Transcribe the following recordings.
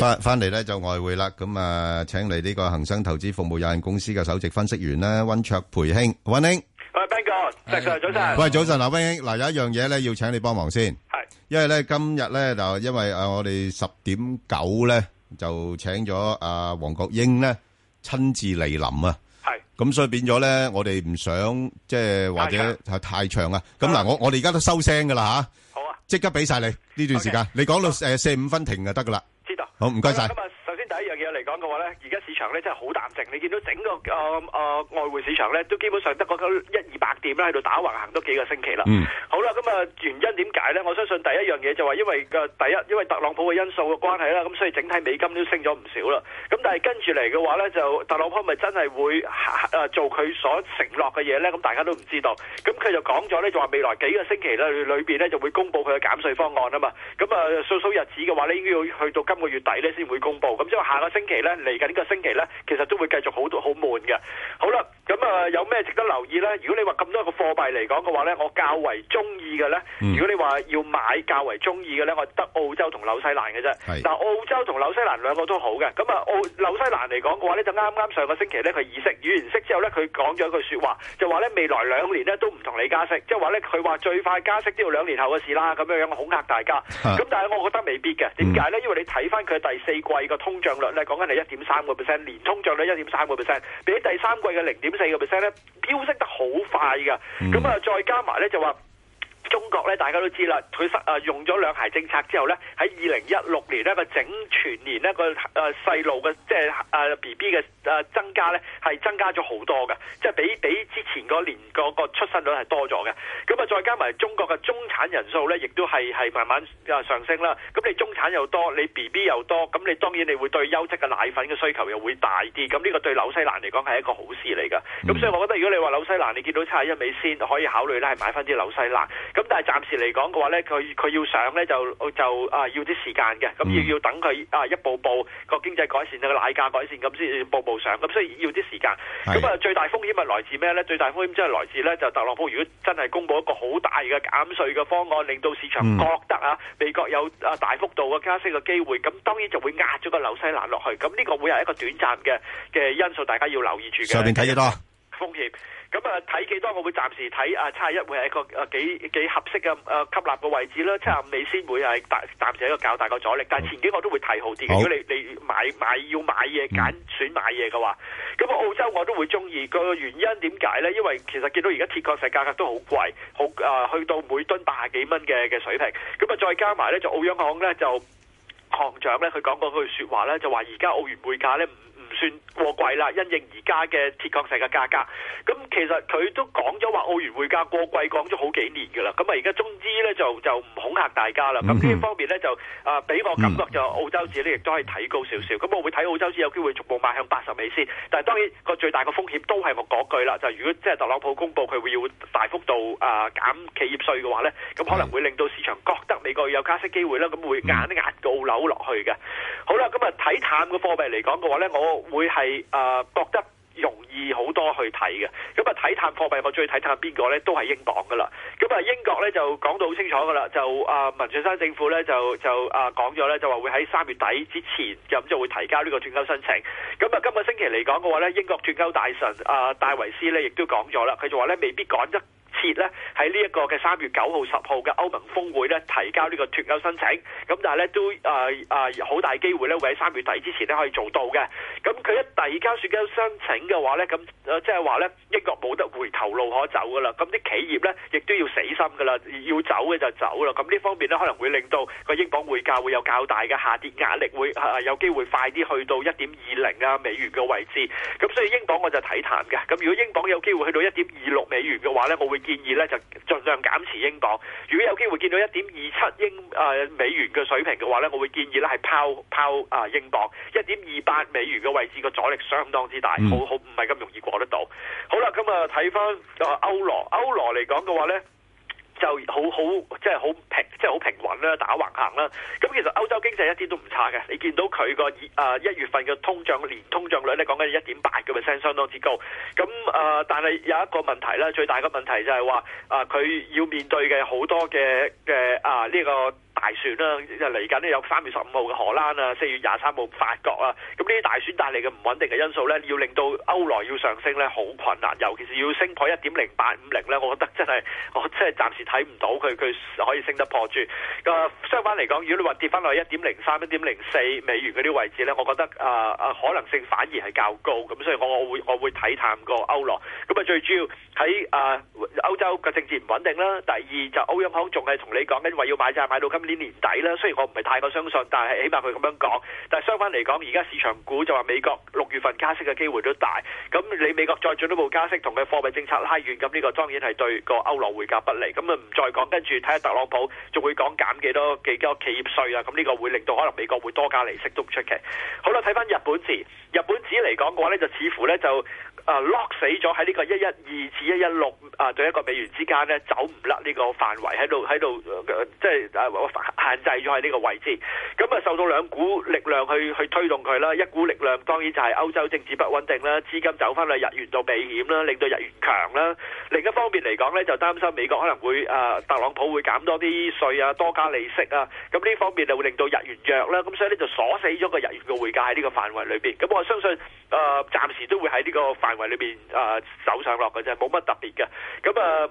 翻翻嚟咧就外匯啦，咁啊，請嚟呢個恒生投資服務有限公司嘅首席分析員咧温灼培兄温兄，喂 Ben 哥，早晨早晨，喂早晨嗱，温兄嗱，有一樣嘢咧要請你幫忙先係，因為咧今日咧就因為誒我哋十點九咧就請咗阿黃國英咧親自嚟臨啊，係咁，所以變咗咧我哋唔想即係或者係太長啊。咁嗱，我我哋而家都收聲噶啦吓，好啊，即刻俾晒你呢段時間，你講到誒四五分停啊，就得噶啦。好，唔該晒。嚟講嘅話咧，而家市場咧真係好淡靜。你見到整個個誒外匯市場咧，都基本上得嗰一二百點啦，喺度打橫行多幾個星期啦。好啦，咁啊，原因點解呢？我相信第一樣嘢就話，因為第一，因為特朗普嘅因素嘅關係啦，咁所以整體美金都升咗唔少啦。咁但係跟住嚟嘅話呢，就特朗普咪真係會做佢所承諾嘅嘢呢？咁大家都唔知道。咁佢就講咗呢，就話未來幾個星期咧，裏邊咧就會公布佢嘅減稅方案啊嘛。咁啊，數數日子嘅話呢，應該要去到今個月底呢先會公布。咁即係下個星期咧嚟緊呢個星期咧，其實都會繼續好好悶嘅。好啦。咁啊，有咩值得留意呢？如果你話咁多個貨幣嚟講嘅話呢，我較為中意嘅呢，嗯、如果你話要買較為中意嘅呢，我得澳洲同紐西蘭嘅啫。嗱是，澳洲同紐西蘭兩個都好嘅。咁啊，澳紐西蘭嚟講嘅話呢就啱啱上個星期呢，佢議息議完息之後呢，佢講咗一句説話，就話呢未來兩年呢都唔同你加息，即係話呢佢話最快加息都要兩年後嘅事啦。咁樣樣恐嚇大家。咁哈但係我覺得未必嘅，點解呢？嗯、因為你睇翻佢第四季個通脹率呢，講緊係一點三個 percent，年通脹率一點三個 percent，比起第三季嘅零點四個 percent 咧，飆升得好快噶，咁啊再加埋咧就話。中國咧，大家都知啦，佢實啊用咗兩孩政策之後咧，喺二零一六年呢，個整全年呢個誒細路嘅即係誒 B B 嘅誒增加咧，係增加咗好多嘅，即係比比之前嗰年個出生率係多咗嘅。咁、嗯、啊，再加埋中國嘅中產人數咧，亦都係係慢慢上升啦。咁、嗯、你中產又多，你 B B 又多，咁、嗯、你當然你會對優質嘅奶粉嘅需求又會大啲。咁、嗯、呢、這個對紐西蘭嚟講係一個好事嚟噶。咁、嗯、所以我覺得，如果你話紐西蘭，你見到七十一美仙，可以考慮咧係買翻啲紐西蘭、嗯嗯咁但係暫時嚟講嘅話咧，佢佢要上咧就就啊要啲時間嘅，咁要要等佢啊一步步個經濟改善啊奶價改善咁先步步上，咁、啊、所以要啲時間。咁是啊最大風險係來自咩咧？最大風險即係來自咧就,就特朗普如果真係公布一個好大嘅減稅嘅方案，令到市場覺得、嗯、啊美國有啊大幅度嘅加息嘅機會，咁、啊、當然就會壓咗個紐西蘭落去。咁、啊、呢、這個會係一個短暫嘅嘅因素，大家要留意住嘅。上面睇得多。風險咁啊，睇幾多我會暫時睇啊，七十一會係一個、啊、幾幾合適嘅誒吸納嘅位置啦、啊，七十五你先會係暫暫時一個較大個阻力，但係前景我都會睇好啲。好，如果你你買買要買嘢揀選，選買嘢嘅話，咁啊澳洲我都會中意。個原因點解咧？因為其實見到而家鐵礦石價格都好貴，好誒、啊、去到每噸八十幾蚊嘅嘅水平。咁啊再加埋咧就澳央行咧就行長咧佢講過句說話咧，就話而家澳元匯價咧唔。算過貴啦，因應而家嘅鐵礦石嘅價格。咁其實佢都講咗話澳元匯價過貴，講咗好幾年嘅啦。咁啊，而家終於呢，就就唔恐嚇大家啦。咁呢方面呢，就啊俾我感覺就澳洲紙呢亦都係睇高少少。咁我會睇澳洲紙有機會逐步邁向八十美仙。但係當然個最大嘅風險都係我嗰句啦，就如果即係特朗普公佈佢會要大幅度啊減、呃、企業稅嘅話呢，咁可能會令到市場覺得美國有加息機會啦，咁會壓一壓個澳樓落去嘅。好啦，咁啊睇淡嘅貨幣嚟講嘅話呢，我。會係誒覺得容易好多去睇嘅，咁啊睇探貨幣，我鍾意睇探邊個呢？都係英鎊噶啦。咁、嗯、啊英國呢，就講到好清楚噶啦，就啊文翠珊政府呢，就就啊講咗呢，就話、呃、會喺三月底之前咁就，就會提交呢個脫歐申請。咁、嗯、啊、嗯、今個星期嚟講嘅話呢，英國脫歐大臣啊、呃、戴維斯呢，亦都講咗啦，佢就話呢，未必趕得。跌咧喺呢一個嘅三月九號十號嘅歐盟峰會呢，提交呢個脫歐申請，咁但係呢，都誒誒好大機會呢會喺三月底之前呢可以做到嘅。咁佢一遞交脫歐申請嘅話呢，咁即係話呢，英國冇得回頭路可走噶啦。咁啲企業呢，亦都要死心噶啦，要走嘅就走啦。咁呢方面呢，可能會令到個英鎊匯價會有較大嘅下跌壓力，會有機會快啲去到一點二零啊美元嘅位置。咁、啊、所以英鎊我就睇淡嘅。咁如果英鎊有機會去到一點二六美元嘅話呢，我會建議。建議咧就盡量減持英鎊。如果有機會見到一點二七英誒美元嘅水平嘅話咧，我會建議咧係拋拋啊英鎊。一點二八美元嘅位置，個阻力相當之大，好好唔係咁容易過得到。好啦，咁啊睇翻啊歐羅，歐羅嚟講嘅話咧。就好好即係好平，即係好平穩啦，打橫行啦。咁其實歐洲經濟一啲都唔差嘅，你見到佢個誒一月份嘅通脹年通脹率咧，講緊一點八嘅 percent，相當之高。咁誒，但係有一個問題啦，最大嘅問題就係話啊，佢要面對嘅好多嘅嘅啊呢、這個。大選啦，即係嚟緊咧有三月十五號嘅荷蘭啊，四月廿三號法國啊，咁呢啲大選帶嚟嘅唔穩定嘅因素咧，要令到歐羅要上升咧，好困難。尤其是要升破一點零八五零咧，我覺得真係我真係暫時睇唔到佢佢可以升得破住。相反嚟講，如果你話跌翻落去一點零三、一點零四美元嗰啲位置咧，我覺得啊啊、呃、可能性反而係較高。咁所以我會我會我會睇淡過歐羅。咁啊最主要喺啊、呃、歐洲嘅政治唔穩定啦。第二就歐央行仲係同你講緊話要買債買到今今年年底啦，雖然我唔係太過相信，但係起碼佢咁樣講。但係相反嚟講，而家市場估就話美國六月份加息嘅機會都大。咁你美國再進一步加息，同佢貨幣政策拉遠，咁呢個當然係對個歐羅匯價不利。咁啊唔再講，跟住睇下特朗普仲會講減幾多幾多企業稅啊。咁呢個會令到可能美國會多加利息都唔出奇。好啦，睇返日本紙，日本紙嚟講嘅話呢，就似乎呢就。啊 lock 死咗喺呢個一一二至一一六啊，對、啊、一個美元之間呢走唔甩呢個範圍喺度喺度，即係啊限制咗喺呢個位置。咁、嗯、啊，受到兩股力量去去推動佢啦，一股力量當然就係歐洲政治不穩定啦，資金走翻去日元度避險啦，令到日元強啦。另一方面嚟講呢，就擔心美國可能會啊、呃、特朗普會減多啲稅啊，多加利息啊，咁、嗯、呢方面就會令到日元弱啦。咁、啊、所以呢，就鎖死咗個日元嘅匯價喺呢個範圍裏邊。咁、嗯、我相信啊，暫、呃、時都會喺呢、這個範。範圍裏邊啊走上落嘅啫，冇乜特別嘅。咁啊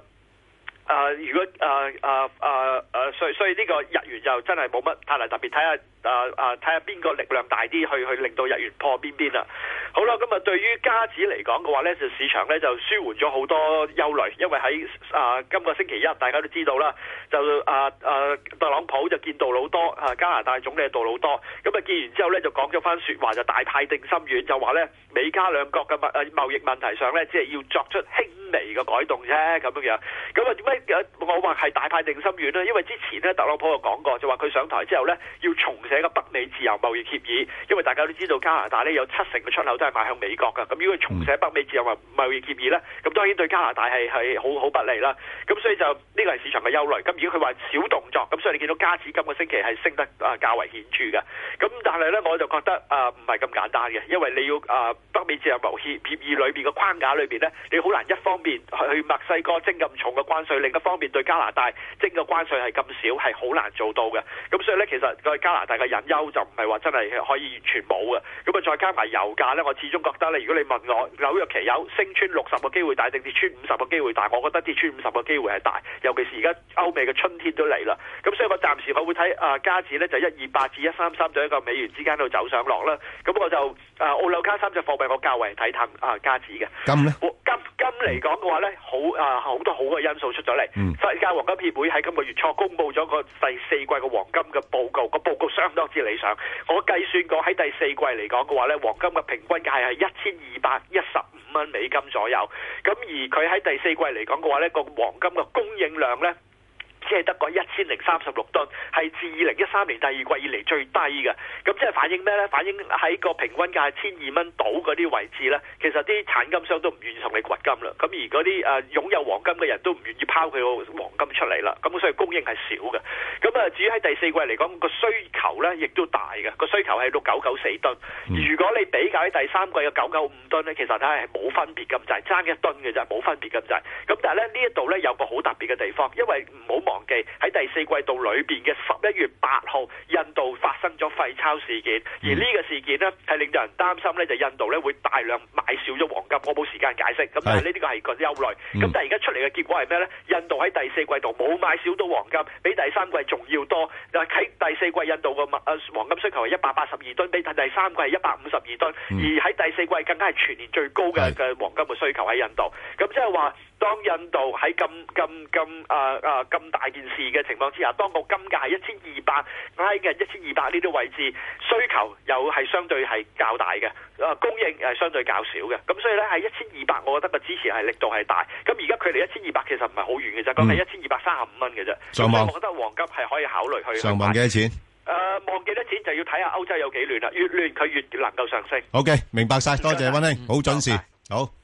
啊，如果啊啊啊啊，所以所以呢個日元又真係冇乜太大特別，睇下啊啊，睇下邊個力量大啲，去去令到日元破邊邊啊。好啦，咁啊，對於加紙嚟講嘅話呢，就市場呢就舒緩咗好多憂慮，因為喺啊、呃、今個星期一，大家都知道啦，就啊啊、呃、特朗普就見杜魯多啊，加拿大總理杜魯多，咁啊見完之後呢，就講咗翻説話，就大派定心丸，就話呢，美加兩國嘅貿貿易問題上呢，只係要作出輕微嘅改動啫咁樣樣，咁啊點解我話係大派定心丸呢？因為之前咧特朗普就講過，就話佢上台之後咧要重寫個北美自由貿易協議，因為大家都知道加拿大咧有七成嘅出口都係賣向美國㗎。咁如果佢重寫北美自由貿貿易協議咧，咁當然對加拿大係係好好不利啦。咁所以就呢個係市場嘅憂慮。咁如果佢話小動作，咁所以你見到加指今個星期係升得啊較為顯著嘅。咁但係咧我就覺得啊唔係咁簡單嘅，因為你要啊北美自由貿協協議裏邊嘅框架裏邊咧，你好難一方邊去墨西哥徵咁重嘅關稅，另一方面對加拿大徵嘅關稅係咁少，係好難做到嘅。咁所以呢，其實對加拿大嘅隱憂就唔係話真係可以完全冇嘅。咁啊，再加埋油價呢，我始終覺得呢，如果你問我紐約期油升穿六十嘅機會大，定跌穿五十嘅機會大，我覺得跌穿五十嘅機會係大。尤其是而家歐美嘅春天都嚟啦。咁所以，我暫時我會睇啊、呃，加指呢，就一二八至一三三，就一個美元之間度走上落啦。咁我就啊，澳紐加三隻貨幣我較為睇騰啊，加指嘅。咁咧。嗯、金嚟講嘅話呢，好啊、呃，好多好嘅因素出咗嚟。世界黃金協會喺今個月初公布咗個第四季嘅黃金嘅報告，個報告相當之理想。我計算過喺第四季嚟講嘅話呢，黃金嘅平均價係一千二百一十五蚊美金左右。咁而佢喺第四季嚟講嘅話呢，個黃金嘅供應量呢。即係得個一千零三十六噸，係自二零一三年第二季以嚟最低嘅。咁即係反映咩呢？反映喺個平均價千二蚊到嗰啲位置呢。其實啲產金商都唔願意同你掘金啦。咁而嗰啲誒擁有黃金嘅人都唔願意拋佢個黃金出嚟啦。咁所以供應係少嘅。咁啊，至於喺第四季嚟講個需求呢亦都大嘅。個需求係六九九四噸。如果你比較喺第三季嘅九九五噸呢，其實呢係冇分別咁滯，爭一噸嘅啫，冇分別咁滯。咁但係呢呢一度呢，有個好特別嘅地方，因為唔好忘，喺第四季度裏邊嘅十一月八號，印度發生咗廢鈔事件，而呢個事件呢，係令到人擔心呢就印度呢會大量買少咗黃金。我冇時間解釋，咁、嗯、但係呢啲係個憂慮。咁但係而家出嚟嘅結果係咩呢？印度喺第四季度冇買少到黃金，比第三季仲要多。但係喺第四季印度嘅黃金需求係一百八十二噸，比第三季係一百五十二噸，嗯、而喺第四季更加係全年最高嘅嘅黃金嘅需求喺印度。咁即係話。嗯嗯當印度喺咁咁咁啊啊咁大件事嘅情況之下，當個金價喺一千二百挨嘅一千二百呢啲位置，需求又係相對係較大嘅，啊、呃、供應係相對較少嘅，咁所以咧喺一千二百，1, 我覺得個支持係力度係大。咁而家距離一千二百其實唔係好遠嘅啫，佢係一千二百三十五蚊嘅啫。上網，你覺得黃金係可以考慮去上望幾多錢？誒、呃，望幾多錢就要睇下歐洲有幾亂啦，越亂佢越能夠上升。O、okay, K，明白晒。多謝温兄，好、嗯、準時，謝謝好。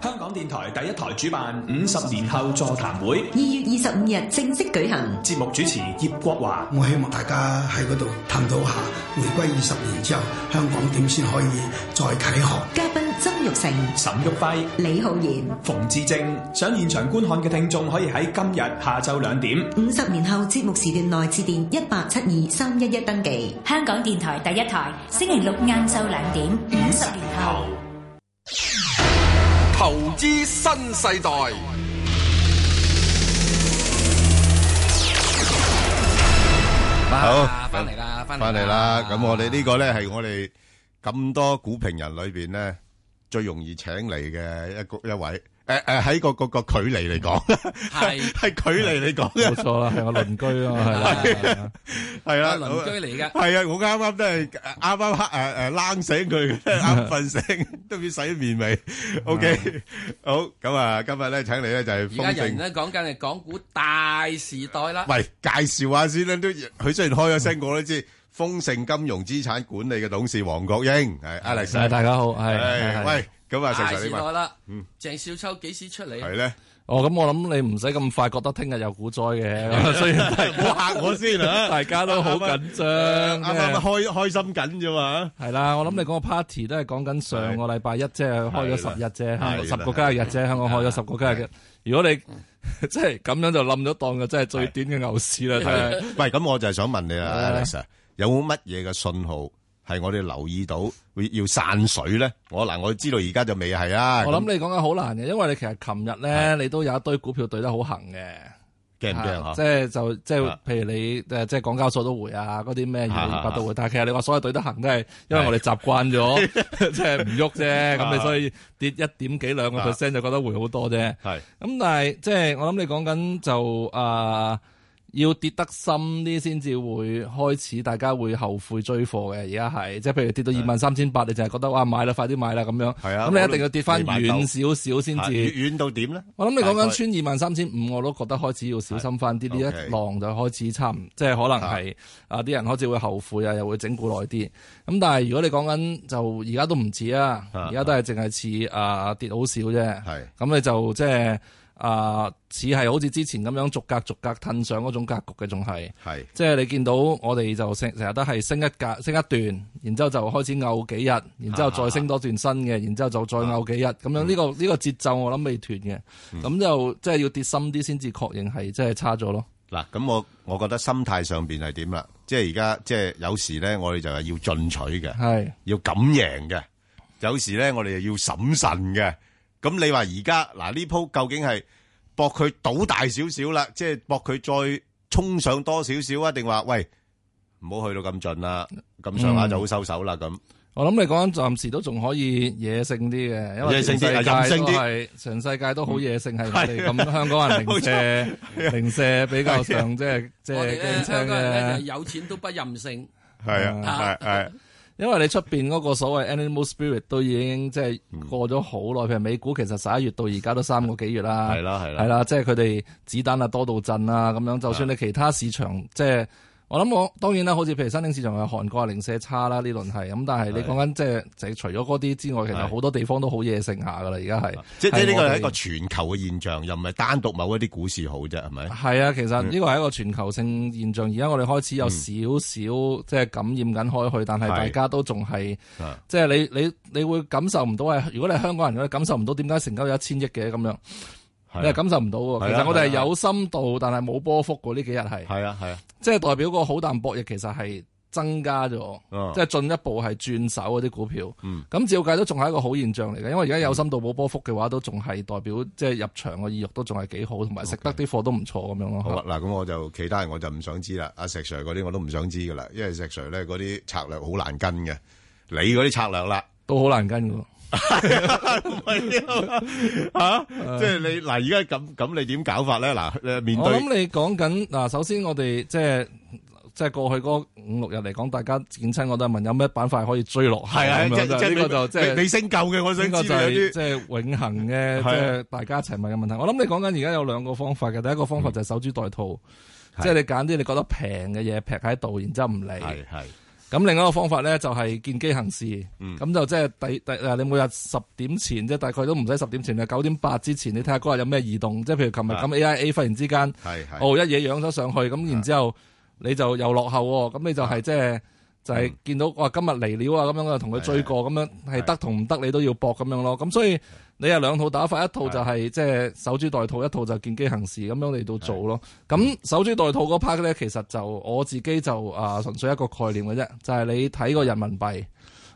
香港電台第一台主辦五十年後座談會，二月二十五日正式舉行。節目主持葉國華，我希望大家喺嗰度探討下回歸二十年之後香港點先可以再啟航。嘉賓曾鈺成、沈玉輝、李浩然、馮志正。想現場觀看嘅聽眾可以喺今日下晝兩點五十年後節目時段內致電一八七二三一一登記。香港電台第一台星期六晏晝兩點五十年後。投資新世代，好翻嚟啦，翻嚟啦！咁我哋呢個咧係我哋咁多股評人裏面咧最容易請嚟嘅一一位。誒誒，喺個個個距離嚟講，係係距離嚟講嘅，冇錯啦，係我鄰居咯，係啦，係啦，鄰居嚟嘅，係啊，我啱啱都係，啱啱黑誒誒，冷醒佢，啱瞓醒都要洗面未，OK，好，咁啊，今日咧，請你咧就係而家人咧，講緊係港股大時代啦，喂，介紹下先啦，都佢雖然開咗聲，我都知。豐盛金融資產管理嘅董事黃國英係 Alex，大家好，係喂，咁啊，鄭少華啦，嗯，鄭少秋幾時出嚟咧？哦，咁我諗你唔使咁快，覺得聽日有股災嘅，所以唔好嚇我先吓，大家都好緊張，啱啱開開心緊咋嘛？係啦，我諗你講個 party 都係講緊上個禮拜一，即係開咗十日啫，十個交易日啫，香港開咗十個交易日。如果你即係咁樣就冧咗檔嘅，即係最短嘅牛市啦。喂，咁我就係想問你啦，Alex。有乜嘢嘅信號係我哋留意到會要散水咧？我嗱，我知道而家就未係啊。我諗你講緊好難嘅，因為你其實琴日咧，你都有一堆股票對得好行嘅。驚唔驚？即係就即係譬如你即係港交所都回啊，嗰啲咩二百度都回，但係其實你話所有對得行都係，因為我哋習慣咗，即係唔喐啫。咁你所以跌一點幾兩個 percent 就覺得回好多啫。係咁，但係即係我諗你講緊就啊。要跌得深啲先至會開始，大家會後悔追貨嘅。而家係，即係譬如跌到二萬三千八，你就係覺得哇買啦，快啲買啦咁樣。係啊，咁你一定要跌翻遠少少先至。遠到點咧？我諗你講緊穿二萬三千五，我都覺得開始要小心翻啲。呢一浪就開始差，即係可能係啊啲人開始會後悔啊，又會整固耐啲。咁但係如果你講緊就而家都唔似啊，而家都係淨係似啊跌好少啫。係咁你就即係。啊，似係好似之前咁樣逐格逐格褪上嗰種格局嘅，仲係，是即係你見到我哋就成成日都係升一格、升一段，然之後就開始拗幾日，然之後再升多段新嘅，啊、然之後就再拗幾日，咁、啊、樣呢、嗯這個呢、這個節奏我諗未斷嘅，咁、嗯、就即係要跌深啲先至確認係即係差咗咯。嗱、嗯，咁我我覺得心態上邊係點啦？即係而家即係有時咧，我哋就係要進取嘅，要敢贏嘅；有時咧，要要時我哋又要審慎嘅。咁你話而家嗱，呢鋪究竟係博佢賭大少少啦，即係博佢再衝上多少少啊？定話喂，唔好去到咁盡啦，咁上下就好收手啦。咁我諗你講緊暫時都仲可以野性啲嘅，野性啲係任性啲，全世界都好野性，係唔係咁？香港人零舍零舍比較上即係即係。我哋咧，香港人有錢都不任性，係啊，係係。因為你出邊嗰個所謂 Animal Spirit 都已經即係過咗好耐，譬如美股其實十一月到而家都三個幾月啦，係啦係啦，係啦，即係佢哋子彈啊多到震啊咁樣，就算你其他市場的即係。我諗我當然啦，好似譬如新興市場係韓國零舍差啦，呢輪係咁，但係你講緊即係除咗嗰啲之外，的其實好多地方都好野性下噶啦，而家係即係呢個係一個全球嘅現象，又唔係單獨某一啲股市好啫，係咪？係啊，其實呢個係一個全球性現象，而家我哋開始有少少即係感染緊開去，但係大家都仲係即係你你你，你會感受唔到係，如果你香港人咧感受唔到 1,，點解成交有一千億嘅咁樣？你係感受唔到噶，其實我哋係有深度，但係冇波幅噶呢幾日係。係啊係啊，即係代表個好淡博弈，其實係增加咗，即係進一步係轉手嗰啲股票。咁照計都仲係一個好現象嚟嘅，因為而家有深度冇波幅嘅話，都仲係代表即係入場嘅意欲都仲係幾好，同埋食得啲貨都唔錯咁樣咯。好啦，嗱，咁我就其他人我就唔想知啦，阿石 Sir 嗰啲我都唔想知噶啦，因為石 Sir 咧嗰啲策略好難跟嘅，你嗰啲策略啦都好難跟噶。係，唔係啊？吓，即係你嗱，而家咁咁，你點搞法咧？嗱，面對我諗你講緊嗱，首先我哋即係即係過去嗰五六日嚟講，大家見親我都問有咩板塊可以追落。係啊，即係呢個就即、是、係你升夠嘅，我想知個就啲即係永恒嘅，即係的大家一齊問嘅問題。我諗你講緊而家有兩個方法嘅，第一個方法就係守株待兔，即係、嗯、你揀啲你覺得平嘅嘢劈喺度，然之後唔理。係的。咁另外一個方法咧就係見機行事，咁就、嗯、即係第第誒你每日十點前即係大概都唔使十點前嘅九點八之前，你睇下嗰日有咩異動，即係譬如琴日咁 AIA 忽然之間，哦係一嘢揚咗上去，咁然之後你就又落後喎，咁係你就係、係、係即係。.就係見到我話今日嚟料啊，咁樣就同佢追過，咁樣係得同唔得，你都要搏咁樣咯。咁所以你有兩套打法，一套就係即係守株待兔，一套就見機行事，咁樣嚟到做咯。咁守株待兔嗰 part 咧，其實就我自己就啊純粹一個概念嘅啫，就係你睇個人民幣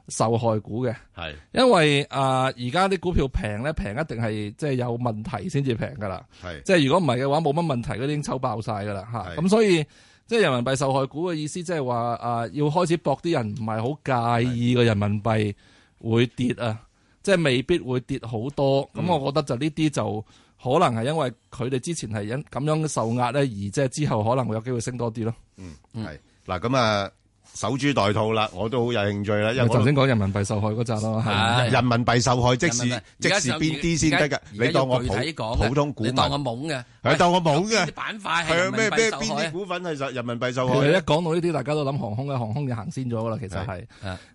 受害股嘅。係，因為啊而家啲股票平咧平一定係即係有問題先至平噶啦。係，即係如果唔係嘅話，冇乜問題，嗰啲已經抽爆晒噶啦嚇。咁所以。即係人民幣受害股嘅意思，即係話啊，要開始搏啲人唔係好介意個人民幣會跌啊，的即係未必會跌好多。咁、嗯、我覺得就呢啲就可能係因為佢哋之前係因咁樣受壓咧，而即係之後可能會有機會升多啲咯。嗯，係。嗱咁啊。守株待兔啦，我都好有興趣啦。因為我頭先講人民幣受害嗰紮咯，係人民幣受害即時即時邊啲先得噶？你當我普通股嘛？當我懵嘅？你當我懵嘅？板塊係咩咩邊啲股份係人民幣受害？佢一講到呢啲，大家都諗航空嘅，航空又行先咗噶啦。其實係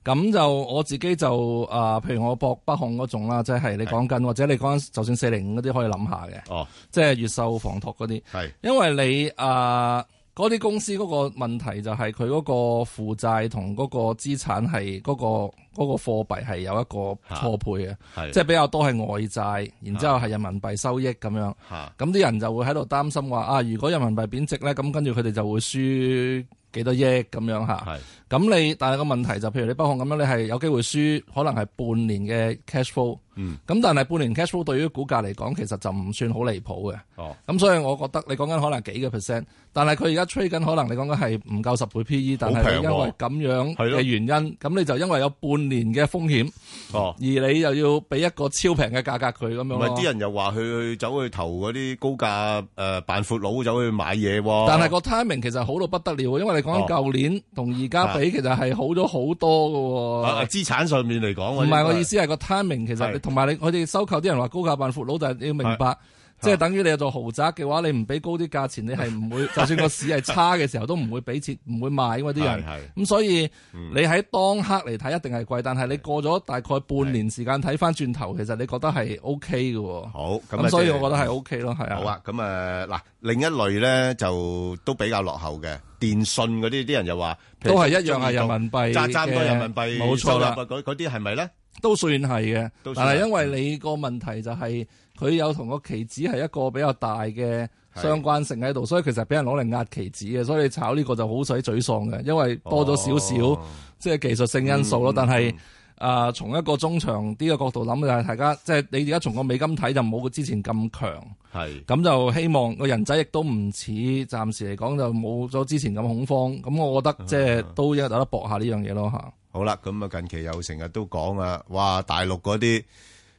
咁就我自己就啊，譬如我博北控嗰種啦，即係你講緊，或者你講就算四零五嗰啲可以諗下嘅。哦，即係越秀房託嗰啲係，因為你啊。嗰啲公司嗰個問題就係佢嗰個負債同嗰個資產係嗰個。嗰個貨幣係有一個錯配嘅，啊、即係比較多係外債，然之後係人民幣收益咁、啊、樣，咁啲人就會喺度擔心話啊，如果人民幣貶值咧，咁跟住佢哋就會輸幾多億咁樣嚇。咁是你但係個問題就是、譬如你北航咁樣，你係有機會輸可能係半年嘅 cash flow，咁但係半年 cash flow 對於股價嚟講其實就唔算好離譜嘅。咁、哦、所以我覺得你講緊可能幾個 percent，但係佢而家 trade 緊可能你講緊係唔夠十倍 PE，但係因為咁樣嘅原因，咁、啊、你就因為有半。年嘅風險，哦、而你又要俾一個超平嘅價格佢咁樣，唔係啲人又話佢去走去投嗰啲高價誒扮、呃、闊佬走去買嘢，但係個 timing 其實好到不得了，因為你講緊舊年同而家比，其實係好咗好多嘅資產上面嚟講，唔係是我意思係個 timing 其實同埋的你，你我哋收購啲人話高價扮闊佬，但係你要明白。即係等於你做豪宅嘅話，你唔俾高啲價錢，你係唔會就算個市係差嘅時候， 都唔會俾錢，唔會賣，因為啲人。咁所以你喺當刻嚟睇一定係貴，但係你過咗大概半年時間睇翻轉頭，其實你覺得係 O K 嘅。好咁、就是嗯，所以我覺得係 O K 咯，係啊。好啊，咁誒嗱，另一類咧就都比較落後嘅，電信嗰啲啲人就話，都係一樣係人民幣，賺賺咗人民幣冇錯啦。嗰啲係咪咧？都算係嘅，都算係，但係因為你個問題就係、是。佢有同個期指係一個比較大嘅相關性喺度，所以其實俾人攞嚟壓期指嘅，所以炒呢個就好使沮喪嘅，因為多咗少少即係技術性因素咯。哦嗯、但係啊、呃，從一個中長啲嘅角度諗就係大家即係你而家從個美金睇就冇之前咁強，係咁是就希望個人仔亦都唔似暫時嚟講就冇咗之前咁恐慌。咁我覺得即係、嗯、都有得搏下呢樣嘢咯嚇。好啦，咁啊近期又成日都講啊，哇大陸嗰啲。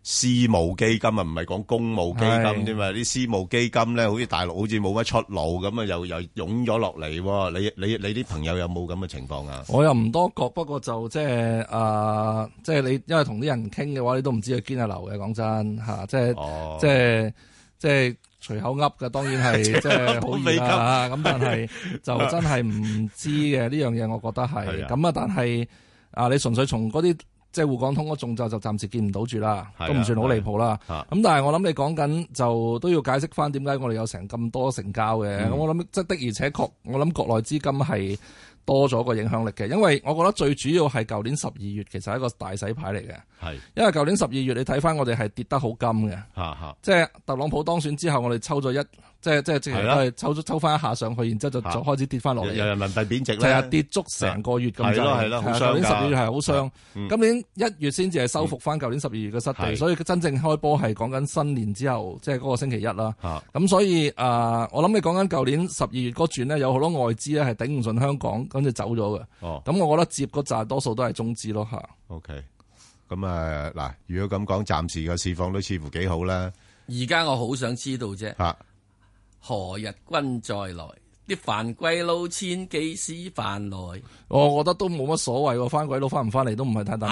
私募基金啊，唔係講公募基金添嘛？啲的私募基金咧，好似大陸好似冇乜出路咁啊，又又湧咗落嚟。你你你啲朋友有冇咁嘅情況啊？我又唔多覺，不過就即係啊，即係你因為同啲人傾嘅話，你都唔知佢堅啊流嘅。講真吓，即係即係即係隨口噏嘅，當然係即係好易啦。咁但係就真係唔知嘅呢樣嘢， 我覺得係咁啊。的但係啊，你純粹從嗰啲。即係滬港通嗰種就就暫時見唔到住啦，都唔算好離譜啦。咁、啊、但係我諗你講緊就都要解釋翻點解我哋有成咁多成交嘅。咁、嗯、我諗即的而且確，我諗國內資金係。多咗個影響力嘅，因為我覺得最主要係舊年十二月其實係一個大洗牌嚟嘅，係是因為舊年十二月你睇翻我哋係跌得好甘嘅，啊、即係特朗普當選之後，我哋抽咗一，即係即係即係抽咗、啊、抽翻一下上去，然之後就就開始跌翻落嚟，人民幣貶值咧，係啊跌足成個月咁，係咯、啊啊、上年十二月係好傷，啊、今年一月先至係收復翻舊年十二月嘅失地，啊、所以真正開波係講緊新年之後，即係嗰個星期一啦，咁、啊、所以誒、呃，我諗你講緊舊年十二月嗰轉咧，有好多外資咧係頂唔順香港。咁就走咗嘅，咁我覺得接嗰扎多數都係中資咯吓。O K，咁啊嗱，如果咁講，暫時嘅市況都似乎幾好啦。而家我好想知道啫，何日君再來？啲番鬼佬千幾時返嚟？我我覺得都冇乜所謂喎，番鬼佬返唔返嚟都唔係太大問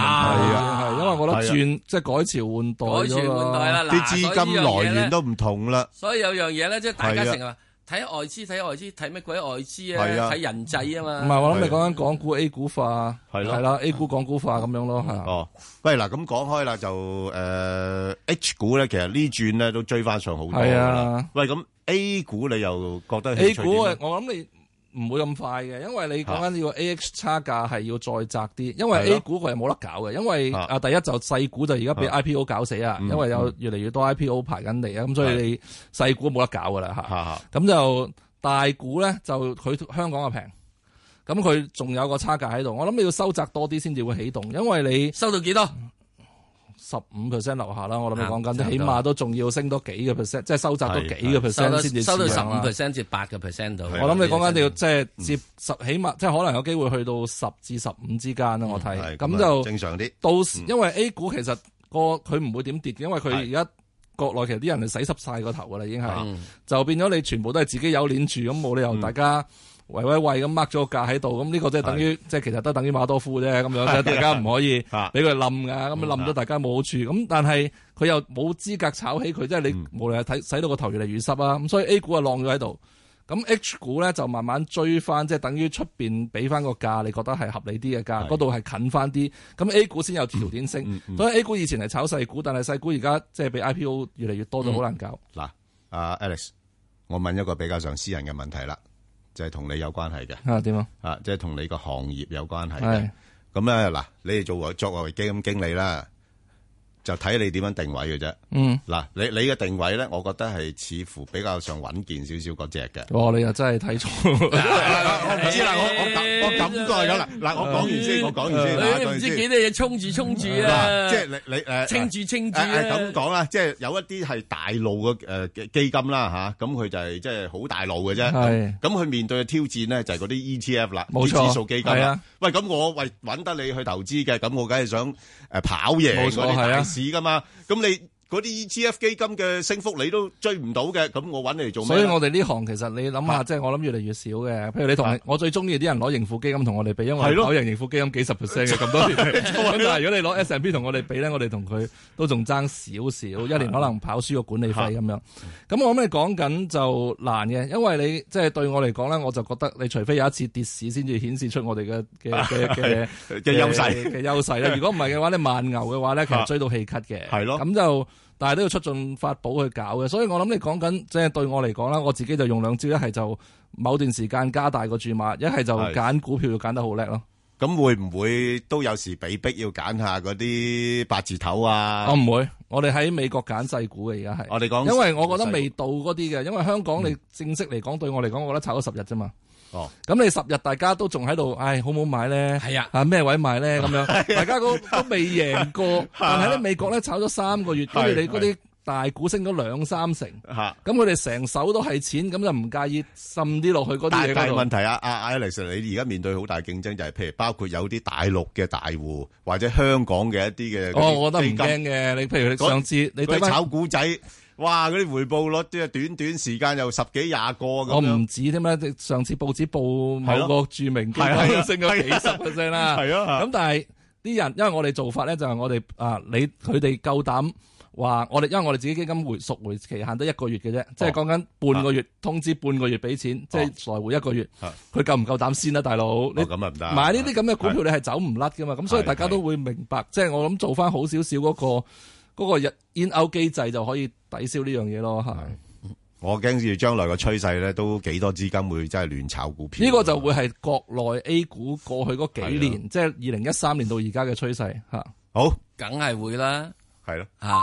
題啊。係因為我覺得轉即係改朝換代，改朝換代咯，啲資金來源都唔同啦。所以有樣嘢咧，即係大家成日。睇外資，睇外資，睇乜鬼外資啊？睇人仔啊嘛。唔係，我諗你講緊港股 A 股化，係啦，A 股港股化咁樣咯吓。哦，喂嗱，咁講開啦，就誒 H 股咧，其實呢轉咧都追翻上好多啦。喂，咁 A 股你又覺得 A 股我諗你。唔會咁快嘅，因為你講緊呢個 A X 差價係要再窄啲，的因為 A 股佢係冇得搞嘅，的因為啊第一就細股就而家俾 I P O 搞死啊，的因為有越嚟越多 I P O 排緊嚟啊，咁的所以你細股冇得搞噶啦嚇，咁的就大股咧就佢香港就平，咁佢仲有個差價喺度，我諗你要收窄多啲先至會起動，因為你收到幾多？十五 percent 樓下啦，我諗你講緊都起碼都仲要升多幾個 percent，即係收窄多幾個 percent 先至。收到十五 percent 至八個 percent 度，我諗你講緊你要即係接十起碼，即係可能有機會去到十至十五之間啦。我睇咁就正常啲。到時因為 A 股其實個佢唔會點跌，因為佢而家國內其實啲人係洗濕晒個頭噶啦，已經係就變咗你全部都係自己有鏈住，咁冇理由大家。喂喂喂咁，mark 咗個價喺度，咁呢個即係等於即係其實都等於馬多夫啫咁樣，即 大家唔可以俾佢冧噶，咁冧咗大家冇好處。咁、嗯、但係佢又冇資格炒起佢，嗯、即係你無論係睇使到個頭越嚟越濕啦。咁所以 A 股啊，晾咗喺度。咁 H 股咧就慢慢追翻，即係等於出邊俾翻個價，你覺得係合理啲嘅價，嗰度係近翻啲。咁 A 股先有條件升，嗯嗯嗯、所以 A 股以前係炒細股，但係細股而家即係俾 IPO 越嚟越多都，好難搞嗱。阿、嗯啊、Alex，我問一個比較上私人嘅問題啦。就係同你有關係嘅啊？點啊？啊即係同你個行業有關係嘅，咁咧嗱，你哋作為作為基金經理啦。就睇你點樣定位嘅啫。嗯，嗱，你你嘅定位咧，我覺得係似乎比較上穩健少少嗰隻嘅。哦，你又真係睇錯。我唔知啦，我我感我感覺咁啦。嗱，我講完先，我講完先啊。唔知幾多嘢衝住衝住啊！即係你你誒，清住清住啦。咁講啦，即係有一啲係大路嘅誒基金啦吓，咁佢就係即係好大路嘅啫。係。咁佢面對嘅挑戰咧，就係嗰啲 ETF 啦，冇指數基金啦。喂，咁我為揾得你去投資嘅，咁我梗係想誒跑贏。冇錯。係啊。市噶嘛，咁你？ 嗰啲 ETF 基金嘅升幅你都追唔到嘅，咁我揾你做咩？所以我哋呢行，其實你諗下，即係我諗越嚟越少嘅。譬如你同我最中意啲人攞盈富基金同我哋比，因為跑贏盈富基金幾十 percent 嘅咁多年。但係如果你攞 S&P 同我哋比咧，我哋同佢都仲爭少少，一年可能跑輸個管理費咁樣。咁我諗你講緊就難嘅，因為你即係對我嚟講咧，我就覺得你除非有一次跌市先至顯示出我哋嘅嘅嘅嘅優勢嘅優勢咧。如果唔係嘅話你慢牛嘅話咧，其實追到氣咳嘅。係咯，咁就。但係都要出盡法寶去搞嘅，所以我諗你講緊即係對我嚟講啦，我自己就用兩招，一係就某段時間加大個注碼，一係就揀股票要揀得好叻咯。咁會唔會都有時被逼要揀下嗰啲八字頭啊？我唔、哦、會，我哋喺美國揀細股嘅而家係。我哋講，因為我覺得未到嗰啲嘅，因為香港你正式嚟講，嗯、對我嚟講，我覺得炒咗十日啫嘛。哦，咁你十日大家都仲喺度，唉、哎，好唔好買咧？係啊，啊咩位買咧？咁樣，啊、大家都未贏過， 啊、但係咧美國咧炒咗三個月，所以、啊、你嗰啲大股升咗兩三成，吓、啊，咁佢哋成手都係錢，咁就唔介意滲啲落去嗰啲。大問題啊，阿阿 Alex，你而家面對好大競爭、就是，就係譬如包括有啲大陸嘅大戶，或者香港嘅一啲嘅、哦。我我覺得唔驚嘅，你譬如你上次你炒股仔。 哇！嗰啲回報率即係短短時間又十幾廿個，咁我唔止添啦！上次報紙報某個著名基金升咗幾十 percent 啦，係咯。咁但係啲人，因為我哋做法咧，就係我哋啊，你佢哋夠膽話我哋，因為我哋自己基金回贖回期限得一個月嘅啫，即係講緊半個月通知，半個月俾錢，即係來回一個月，佢夠唔夠膽先啦，大佬？你咁啊，唔得！買呢啲咁嘅股票你係走唔甩噶嘛，咁所以大家都會明白，即係我諗做翻好少少嗰個。嗰個 in-out 機制就可以抵消呢樣嘢咯，係我驚住將來嘅趨勢咧，都幾多資金會真係亂炒股票，呢個就會係國內 A 股過去嗰幾年，的即係二零一三年到而家嘅趨勢嚇，好梗係會啦，係咯嚇。啊